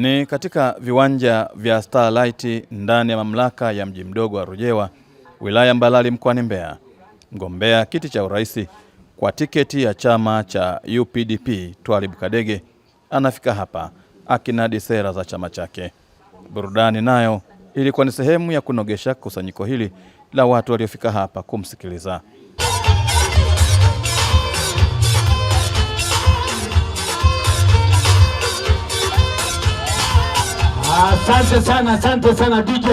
Ni katika viwanja vya Starlight ndani ya mamlaka ya mji mdogo wa Rujewa wilaya Mbalali mkoani Mbeya. Mgombea kiti cha urais kwa tiketi ya chama cha UPDP Twalib Kadege anafika hapa akinadi sera za chama chake. Burudani nayo ilikuwa ni sehemu ya kunogesha kusanyiko hili la watu waliofika hapa kumsikiliza. Asante sana, asante sana DJ.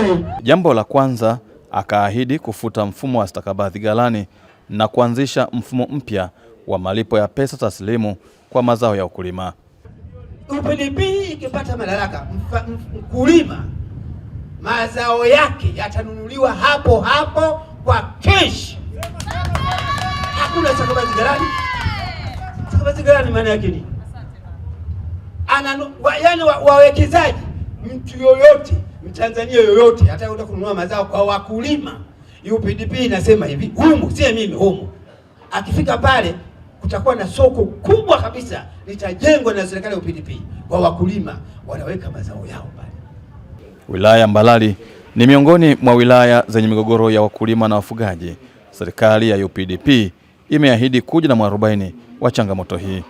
Jambo la kwanza akaahidi kufuta mfumo wa stakabadhi ghalani na kuanzisha mfumo mpya wa malipo ya pesa taslimu kwa mazao ya ukulima. UPDP ikipata madaraka, mkulima mazao yake yatanunuliwa hapo hapo kwa cash. Hakuna stakabadhi ghalani. Stakabadhi ghalani maana yake ni yaani, wawekezaji mtu yoyote mtanzania yoyote atakwenda kununua mazao kwa wakulima, UPDP inasema hivi, humu sie mimi humu. Akifika pale kutakuwa na soko kubwa kabisa litajengwa na serikali ya UPDP kwa wakulima, wanaweka mazao yao pale. Wilaya Mbalali ni miongoni mwa wilaya zenye migogoro ya wakulima na wafugaji. Serikali ya UPDP imeahidi kuja na mwarobaini wa changamoto hii.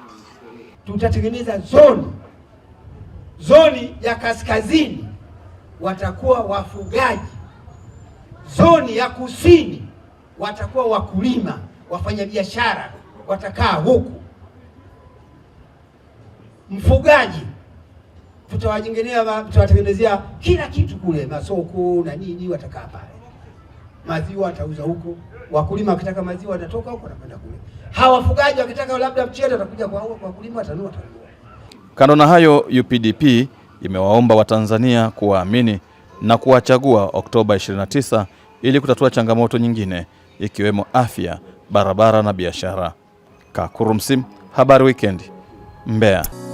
Tutatengeneza zoni zoni ya kaskazini watakuwa wafugaji, zoni ya kusini watakuwa wakulima, wafanyabiashara watakaa huku. Mfugaji tutawajengenea, tutawatengenezea kila kitu kule, masoko na nini, watakaa pale. Maziwa watauza huko, wakulima wakitaka maziwa watatoka huko, wanakwenda kule. Hawafugaji wakitaka labda mchele, watakuja kwa wakulima, watanua, watanua Kando na hayo, UPDP imewaomba Watanzania kuwaamini na kuwachagua Oktoba 29 ili kutatua changamoto nyingine ikiwemo afya, barabara na biashara. Kakuru Habari Wikendi, Mbeya.